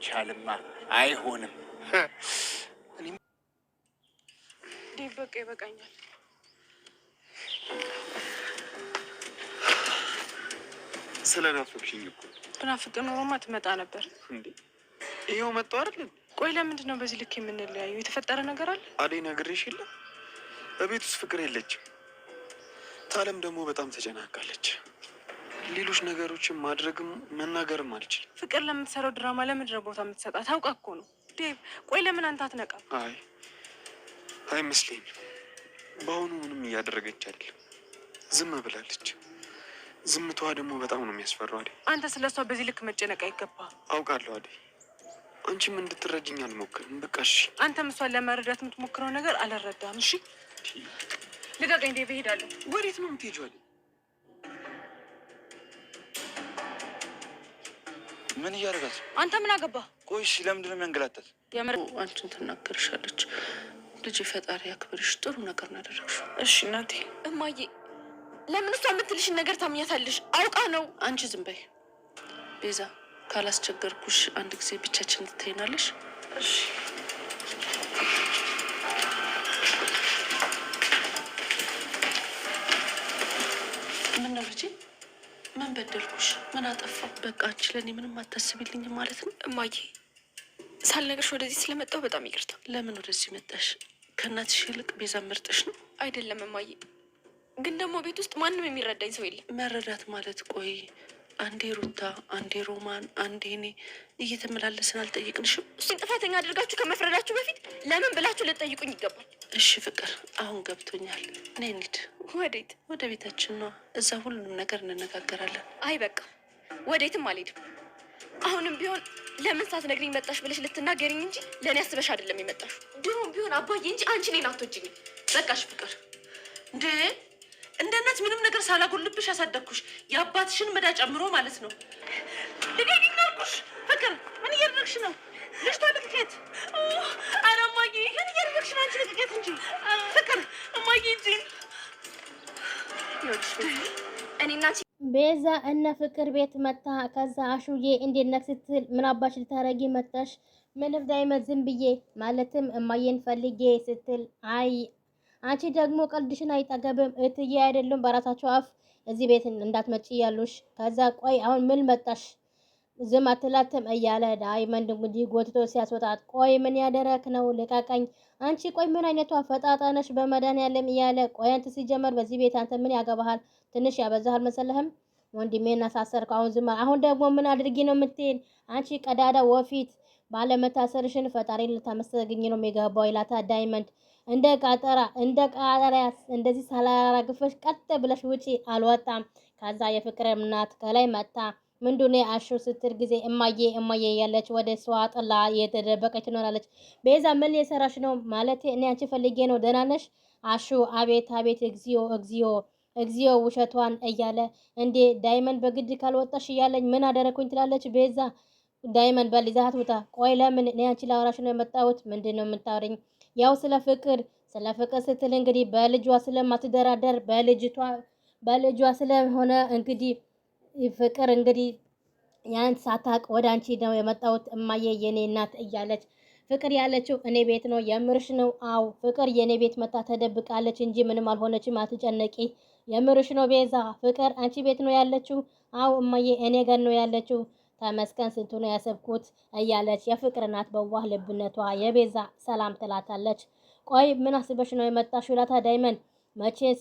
አይቻልማ፣ አይሆንም። በቃ ይበቃኛል። ስለ ናፈቅሽኝ እኮ ብናፍቅ ኖሮማ ትመጣ ነበር። እንዴ ይኸው መጣሁ አይደል? ቆይ ለምንድን ነው በዚህ ልክ የምንለያዩ? የተፈጠረ ነገር አለ? አደይ ነግሬሽ የለም በቤት ውስጥ ፍቅር የለችም። ታለም ደግሞ በጣም ተጨናቃለች። ሌሎች ነገሮችን ማድረግም መናገርም አልችልም። ፍቅር ለምትሰራው ድራማ ለምድረ ቦታ የምትሰጣት ታውቃ እኮ ነው። ዴቭ ቆይ ለምን አንተ አትነቃም? አይ አይመስለኝም። በአሁኑ ምንም እያደረገች አይደለም፣ ዝም ብላለች። ዝምቷ ደግሞ በጣም ነው የሚያስፈራው። አዴ አንተ ስለ እሷ በዚህ ልክ መጨነቅ አይገባም። አውቃለሁ አዴ አንቺም እንድትረጅኝ አልሞክርም። በቃ እሺ። አንተም እሷን ለመረዳት የምትሞክረው ነገር አልረዳም። እሺ ልቀቀኝ ዴቭ፣ እሄዳለሁ። ወዴት ነው የምትሄጂው? ምን እያደረጋት? አንተ ምን አገባ? ቆይ እሺ፣ ለምንድን ነው የሚያንገላታት? የምር አንቺን ትናገርሻለች። ልጅ ፈጣሪ ያክብርሽ፣ ጥሩ ነገር እናደረግሽው። እሺ እናቴ። እማዬ፣ ለምን እሷ የምትልሽን ነገር ታምኛታለሽ? አውቃ ነው። አንቺ ዝም በይ ቤዛ። ካላስቸገርኩሽ አንድ ጊዜ ብቻችን ትተይናለሽ? እሺ ምን በደልኩሽ? ምን አጠፋው? በቃ አንቺ ለእኔ ምንም አታስቢልኝም ማለት ነው? እማዬ ሳልነግርሽ ወደዚህ ስለመጣው በጣም ይቅርታ። ለምን ወደዚህ መጣሽ? ከእናትሽ ይልቅ ቤዛ መርጠሽ ነው? አይደለም እማዬ፣ ግን ደግሞ ቤት ውስጥ ማንም የሚረዳኝ ሰው የለም። መረዳት ማለት ቆይ አንዴ ሩታ፣ አንዴ ሮማን፣ አንዴ እኔ እየተመላለስን አልጠይቅንሽም? እሱን ጥፋተኛ አድርጋችሁ ከመፍረዳችሁ በፊት ለምን ብላችሁ ልጠይቁኝ ይገባል። እሺ ፍቅር፣ አሁን ገብቶኛል። ነይ እንሂድ። ወዴት? ወደ ቤታችን ነው። እዛ ሁሉንም ነገር እንነጋገራለን። አይ በቃ ወዴትም አልሄድም። አሁንም ቢሆን ለምን ሳትነግሪኝ መጣሽ ብለሽ ልትናገሪኝ እንጂ ለእኔ አስበሽ አይደለም የመጣሽ። ድሮም ቢሆን አባዬ እንጂ አንቺ እኔን አትወጂኝም። በቃሽ ፍቅር እንደ እንደ እናት ምንም ነገር ሳላጎልብሽ ያሳደግኩሽ የአባትሽን መዳ ጨምሮ ማለት ነው። ልገኝ ናልኩሽ ፍቅር። ምን እያደረግሽ ነው? ልጅቷ ልቅቄት። አረ እማዬ ምን እያደረግሽ ነው? አንቺ ልቅቄት እንጂ ፍቅር እማዬ እንጂ ቤዛ እነ ፍቅር ቤት መታ። ከዛ አሹዬ እንዴት ነህ ስትል ምን አባሽ ልታረጊ መጣሽ? ምንም ዳይመት ዝም ብዬ ማለትም እማዬን ፈልጌ ስትል አይ አንቺ ደግሞ ቀልድሽን አይጠገብም እትዬ አይደሉም በራሳቸው አፍ እዚህ ቤት እንዳትመጪ ያሉሽ። ከዛ ቆይ አሁን ምን መጣሽ ዝም አትላትም እያለ ዳይመንድ እንግዲህ ጎትቶ ሲያስወጣት፣ ቆይ ምን ያደረክ ነው? ልቀቀኝ! አንቺ ቆይ ምን አይነቷ ፈጣጣ ነሽ? በመድኃኒዓለም እያለ ቆይ አንተ ሲጀመር በዚህ ቤት አንተ ምን ያገባሃል? ትንሽ ያበዛሃል መሰለህም ወንድሜ እናሳሰርከው። አሁን ዝም አሁን ደግሞ ምን አድርጊ ነው የምትሄድ? አንቺ ቀዳዳ ወፊት ባለመታሰርሽን ፈጣሪ ልታመሰግኝ ነው የሚገባው ይላታ ዳይመንድ እንደ ቃጠራ እንደ ቃጠሪያ እንደዚህ ሳላራግፈሽ ቀጥ ብለሽ ውጪ። አልወጣም። ከዛ የፍቅር እናት ከላይ መጣ። ምንዱኔ አሹ ስትል ጊዜ እማዬ እማዬ ያለች ወደ እሷ ጥላ የተደበቀች ትኖራለች። ቤዛ ምን የሰራሽ ነው ማለት እኔ አንቺ ፈልጌ ነው። ደህና ነሽ አሹ? አቤት አቤት፣ እግዚኦ እግዚኦ እግዚኦ ውሸቷን እያለ እንዴ ዳይመንድ በግድ ካልወጣሽ እያለኝ ምን አደረኩኝ ትላለች ቤዛ። ዳይመንድ በል ይዛት ውጣ። ቆይ ለምን እኔ አንቺ ላወራሽ ነው የመጣሁት። ምንድን ነው የምታወሪኝ? ያው ስለ ፍቅር ስለ ፍቅር ስትል እንግዲህ በልጇ ስለማትደራደር በልጅቷ በልጇ ስለሆነ እንግዲህ ፍቅር እንግዲህ ያን ሳታቅ ወደ አንቺ ነው የመጣሁት እማዬ የኔ እናት እያለች ፍቅር ያለችው እኔ ቤት ነው። የምርሽ ነው? አው ፍቅር የኔ ቤት መታ ተደብቃለች እንጂ ምንም አልሆነችም፣ አትጨነቂ። የምርሽ ነው ቤዛ? ፍቅር አንቺ ቤት ነው ያለችው? አው እማዬ እኔ ጋር ነው ያለችው። ተመስገን ስንቱ ነው ያሰብኩት እያለች የፍቅር እናት በዋህ ልብነቷ የቤዛ ሰላም ትላታለች። ቆይ ምን አስበሽ ነው የመጣሽ? ዳይመንድ መቼስ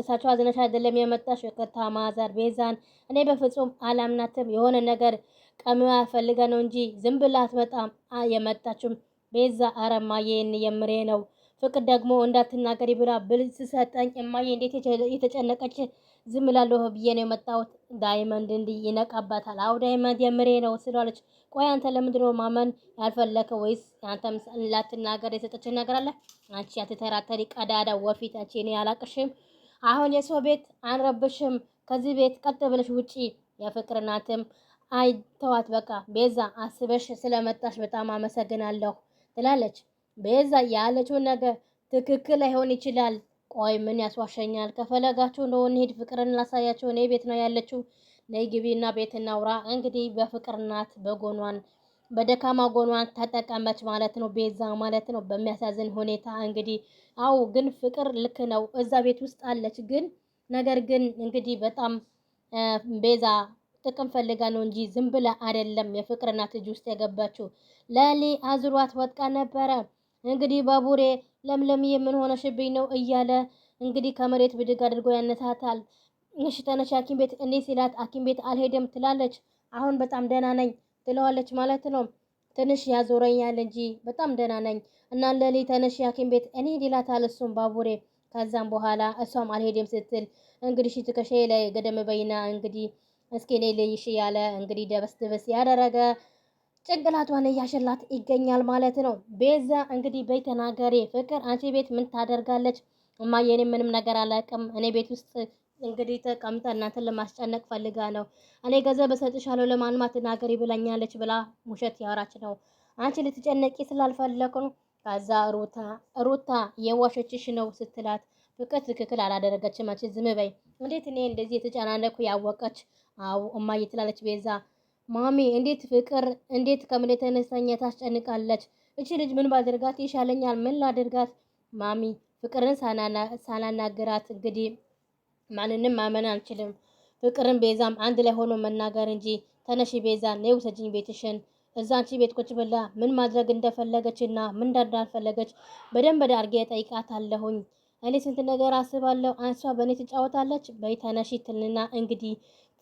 እሳቸው አዝነሽ አይደለም የመጣሽ የከታ ማዘር ቤዛን እኔ በፍጹም አላምናትም። የሆነ ነገር ቀሚዋ ፈልገ ነው እንጂ ዝም ብላ አትመጣም የመጣችም ቤዛ አረማዬን የምሬ ነው ፍቅር ደግሞ እንዳትናገሪ ብላ ብልጽ ስሰጠኝ እማዬ እንዴት የተጨነቀች ዝም እላለሁ ብዬ ነው የመጣሁት። ዳይመንድ እንዲህ ይነቃባታል። አዎ ዳይመንድ የምሬ ነው ስላለች፣ ቆይ አንተ ለምንድን ማመን ያልፈለከ ወይስ አንተም ላትናገር የሰጠች ነገር አለ? አንቺ አትተራተሪ ቀዳዳ ወፊት፣ አንቺ እኔ አላቅሽም። አሁን የሰው ቤት አንረብሽም። ከዚህ ቤት ቀጥ ብለሽ ውጪ። የፍቅር እናትም አይ ተዋት በቃ ቤዛ፣ አስበሽ ስለመጣሽ በጣም አመሰግናለሁ ትላለች። ቤዛ ያለችው ነገር ትክክል አይሆን ይችላል። ቆይ ምን ያስዋሸኛል? ከፈለጋችሁ እንደሆነ እንሂድ፣ ፍቅርን ላሳያችሁ። እኔ ቤት ነው ያለችው። ነይ ግቢና ቤት እናውራ። እንግዲህ በፍቅር በጎኗን በደካማ ጎኗን ተጠቀመች ማለት ነው፣ ቤዛ ማለት ነው። በሚያሳዝን ሁኔታ እንግዲህ አው ግን ፍቅር ልክ ነው፣ እዛ ቤት ውስጥ አለች። ግን ነገር ግን እንግዲህ በጣም ቤዛ ጥቅም ፈልጋ ነው እንጂ ዝም ብለ አይደለም የፍቅር እናት እጅ ውስጥ የገባችው። ለሊ አዝሯት ወጥቃ ነበረ። እንግዲህ ባቡሬ ለምለም ምን ሆነሽብኝ ነው እያለ እንግዲህ ከመሬት ብድግ አድርጎ ያነሳታል። እሺ ተነሽ ሐኪም ቤት እንዴ ሲላት ሐኪም ቤት አልሄደም ትላለች። አሁን በጣም ደህና ነኝ ትለዋለች ማለት ነው። ትንሽ ያዞረኛል እንጂ በጣም ደህና ነኝ እና ለሊ ተነሽ ሐኪም ቤት እኔ ይላታል እሱም ባቡሬ። ከዛም በኋላ እሷም አልሄደም ስትል እንግዲህ እሺ ትከሻዬ ላይ ገደም በይና እንግዲህ እስኪ እኔ ልይሽ ያለ እንግዲህ ደበስ ደበስ ያደረገ ጭንቅላቷ ላይ ያሸላት ይገኛል ማለት ነው። ቤዛ እንግዲህ በይ ተናገሪ ፍቅር፣ አንቺ ቤት ምን ታደርጋለች? እማዬ እኔ ምንም ነገር አላውቅም። እኔ ቤት ውስጥ እንግዲህ ተቀምጣ እናንተን ለማስጨነቅ ፈልጋ ነው። እኔ ገንዘብ እሰጥሻለሁ ለማንም አትናገሪ ብላኛለች ብላ ውሸት ያወራች ነው። አንቺ ልትጨነቂ ስላልፈለኩ ነው። ከዛ ሩታ ሩታ የዋሸችሽ ነው ስትላት ፍቅር ትክክል አላደረገችም። አንቺ ዝም በይ። እንዴት እኔ እንደዚህ የተጨናነኩ ያወቀች አው እማዬ ትላለች ቤዛ ማሚ እንዴት ፍቅር እንዴት ከምን የተነሳኝ ታስጨንቃለች? እቺ ልጅ ምን ባደርጋት ይሻለኛል? ምን ላደርጋት? ማሚ ፍቅርን ሳናናገራት እንግዲህ ማንንም ማመን አንችልም። ፍቅርን ቤዛም አንድ ላይ ሆኖ መናገር እንጂ ተነሺ ቤዛ ነይ ውሰጂኝ ቤትሽን እዛ አንቺ ቤት ቁጭ ብላ ምን ማድረግ እንደፈለገች እና ምን እንዳልፈለገች በደንብ አድርጌ እጠይቃታለሁኝ። እኔ ስንት ነገር አስባለሁ፣ አንሷ በእኔ ትጫወታለች። በይ ተነሺ ትልና እንግዲህ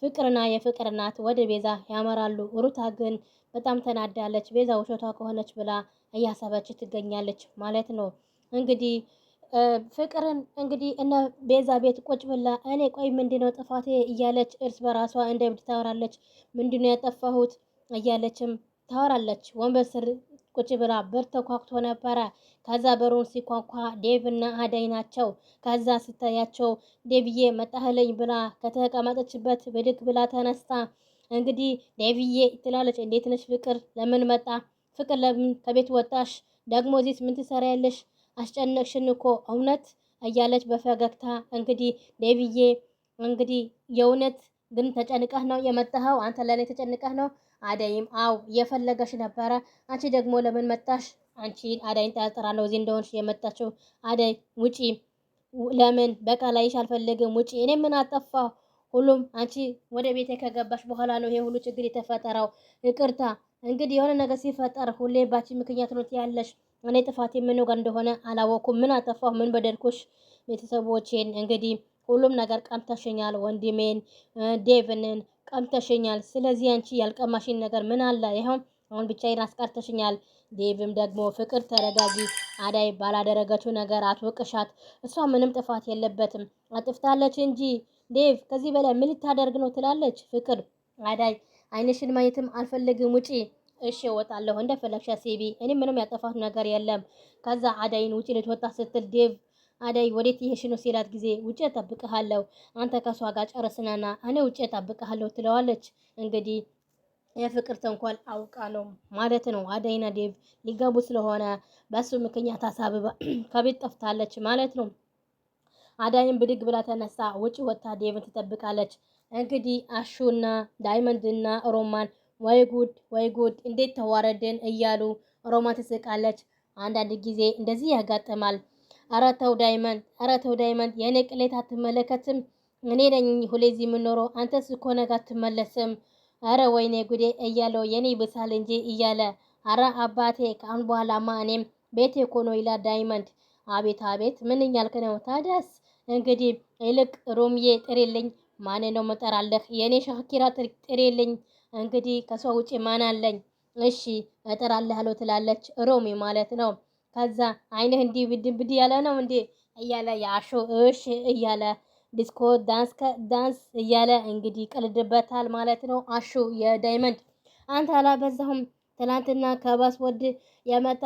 ፍቅርና የፍቅር እናት ወደ ቤዛ ያመራሉ። ሩታ ግን በጣም ተናዳለች። ቤዛ ውሸቷ ከሆነች ብላ እያሰበች ትገኛለች ማለት ነው። እንግዲህ ፍቅርን እንግዲህ እነ ቤዛ ቤት ቁጭ ብላ እኔ ቆይ ምንድነው ጥፋቴ እያለች እርስ በራሷ እንደ እብድ ታወራለች። ምንድነው ያጠፋሁት እያለችም ታወራለች ወንበር ስር ቁጭ ብላ በር ተኳኩቶ ነበረ። ከዛ በሩን ሲኳኳ ዴቭ እና አደይ ናቸው። ከዛ ስታያቸው ዴቭዬ መጣህለኝ ብላ ከተቀመጠችበት ብድግ ብላ ተነስታ እንግዲህ ዴቭዬ ትላለች። እንዴት ነሽ ፍቅር? ለምን መጣ ፍቅር? ለምን ከቤት ወጣሽ? ደግሞ እዚህ ምን ትሰሪያለሽ? አስጨነቅሽን እኮ እውነት እያለች በፈገግታ እንግዲህ ዴቭዬ እንግዲህ የእውነት ግን ተጨንቀህ ነው የመጣኸው? አንተ ለእኔ ተጨንቀህ ነው አደይም አው እየፈለገሽ ነበረ። አንቺ ደግሞ ለምን መጣሽ? አንቺን አደይን ጠርጥራለሁ እዚህ እንደሆንሽ የመጣችው። አደይ ውጪ፣ ለምን በቀላይሽ አልፈልግም፣ ውጪ። እኔ ምን አጠፋ? ሁሉም አንቺ ወደ ቤቴ ከገባሽ በኋላ ነው ይሄ ሁሉ ችግር የተፈጠረው። ይቅርታ እንግዲህ የሆነ ነገር ሲፈጠር ሁሌ ባቺ ምክንያት ነው ያለሽ። እኔ ጥፋቴ ምን ጋር እንደሆነ አላወኩም። ምን አጠፋሁ? ምን በደልኩሽ? ቤተሰቦቼን እንግዲህ ሁሉም ነገር ቀምተሽኛል፣ ወንድሜን ዴቭንን ቀምተሽኛል። ስለዚህ አንቺ ያልቀማሽኝ ነገር ምን አለ? ይኸውም አሁን ብቻዬን አስቀርተሽኛል። ዴቭም ደግሞ ፍቅር ተረጋጊ፣ አዳይ ባላደረገችው ነገር አትወቅሻት። እሷ ምንም ጥፋት የለበትም አጥፍታለች እንጂ። ዴቭ ከዚህ በላይ ምን ልታደርግ ነው? ትላለች ፍቅር። አዳይ ዓይንሽን ማየትም አልፈልግም፣ ውጪ። እሺ እወጣለሁ፣ እንደ ሲቢ፣ አስቢ። እኔ ምንም ያጠፋት ነገር የለም። ከዛ አዳይን ውጪ ልትወጣ ስትል ዴቭ አደይ ወዴት ይሄሽ ነው ሲላት ጊዜ ውጭ እጠብቅሃለሁ፣ አንተ ከሷ ጋር ጨረስናና እኔ ውጭ እጠብቅሃለሁ ትለዋለች። እንግዲህ የፍቅር ተንኳል አውቃ ነው ማለት ነው። አደይና ዴቭ ሊጋቡ ስለሆነ በሱ ምክንያት አሳብባ ከቤት ጠፍታለች ማለት ነው። አዳይን ብድግ ብላ ተነሳ፣ ውጭ ወጥታ ዴቭን ትጠብቃለች። እንግዲህ አሹና ዳይመንድና ሮማን ወይ ጉድ ወይ ጉድ እንዴት ተዋረድን እያሉ ሮማ ትስቃለች። አንዳንድ ጊዜ እንደዚህ ያጋጥማል። ኧረ ተው ዳይመንድ፣ ኧረ ተው ዳይመንድ፣ የእኔ ቅሌት አትመለከትም። እኔ ነኝ ሁሌ እዚህ የምኖረው፣ አንተስ እኮ ነገ አትመለስም። ኧረ ወይኔ ጉዴ እያለው የኔ ብሳል እንጂ እያለ አረ አባቴ ከአሁን በኋላማ እኔም ቤቴ እኮ ነው ይላል ዳይመንድ። አቤት አቤት፣ ምን እያልክ ነው? ታዲያስ እንግዲህ ይልቅ ሮምዬ ጥሬልኝ። ማን ነው መጠራለህ? የእኔ ሻኪራ ጥሬልኝ። እንግዲህ ከሰው ውጭ ማን አለኝ? እሺ አለው ትላለች ሮሚ ማለት ነው። ከዛ አይንህ እንዲህ ብድ ያለ ነው እንዴ እያለ የአሾ እሽ እያለ ዲስኮ ዳንስ ዳንስ እያለ እንግዲህ ቀልድበታል ማለት ነው። አሹ የዳይመንድ አንተ አላበዛሁም? ትላንትና ከባስ ወድ የመጣ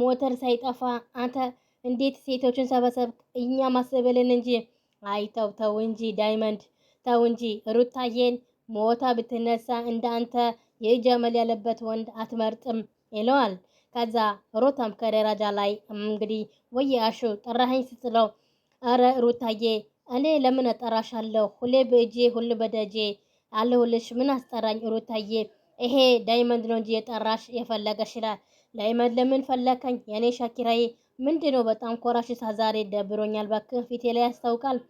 ሞተር ሳይጠፋ አንተ እንዴት ሴቶችን ሰበሰብ? እኛ ማስበልን እንጂ አይተው ተው እንጂ ዳይመንድ ተው እንጂ ሩታዬን ሞታ ብትነሳ እንደ አንተ የጀመል ያለበት ወንድ አትመርጥም ይለዋል። ከዛ ሩታም ከደረጃ ላይ እንግዲህ ወይ አሹ ጠራኸኝ ስትለው አረ ሩታዬ እኔ ለምን እጠራሻለሁ? ሁሌ በእጄ ሁሉ በደጄ አለሁልሽ። ምን አስጠራኝ ሩታዬ? ይሄ ዳይመንድ ነው እንጂ የጠራሽ የፈለገሽ ይላል። ዳይመንድ ለምን ፈለከኝ? የኔ ሻኪራዬ ምንድን ነው በጣም ኮራሽ ሳዛሬ ደብሮኛል። ባክህ ፊቴ ላይ ያስታውቃል።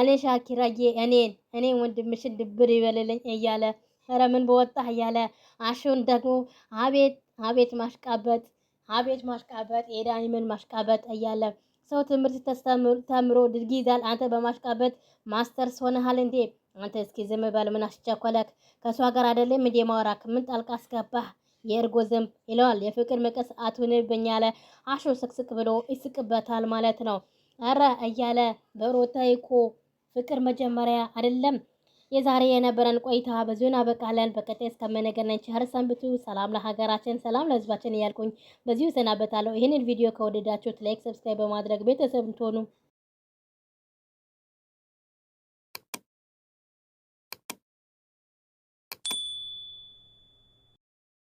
እኔ ሻኪራዬ እኔን እኔ ወንድምሽን ድብር ይበልልኝ እያለ ኧረ ምን በወጣህ እያለ አሹን ደግሞ አቤት አቤት ማሽቃበጥ፣ አቤት ማሽቃበጥ፣ የዳኒምን ማሽቃበጥ እያለ ሰው ትምህርት ተምሮ ድርጊ ይዛል። አንተ በማሽቃበጥ ማስተርስ ሆነሃል እንዴ? አንተ እስኪ ዝም በል። ምን አስቸኮለክ? ከእሷ ጋር አይደለም እንዴ ማውራክ? ምን ጣልቃ አስገባህ? የእርጎ ዝንብ ይለዋል። የፍቅር መቀስ አትሁንብኝ ያለ አሾ ስቅስቅ ብሎ ይስቅበታል ማለት ነው። አረ እያለ በሮታይኮ ፍቅር መጀመሪያ አይደለም የዛሬ የነበረን ቆይታ በዚሁ እናበቃለን። በቀጣይ እስከምንገናኝ ቸር ሰንብቱ። ሰላም ለሀገራችን፣ ሰላም ለህዝባችን እያልኩኝ በዚሁ እሰናበታለሁ። ይህንን ቪዲዮ ከወደዳችሁት ላይክ፣ ሰብስክራይብ በማድረግ ቤተሰብ እንትሆኑ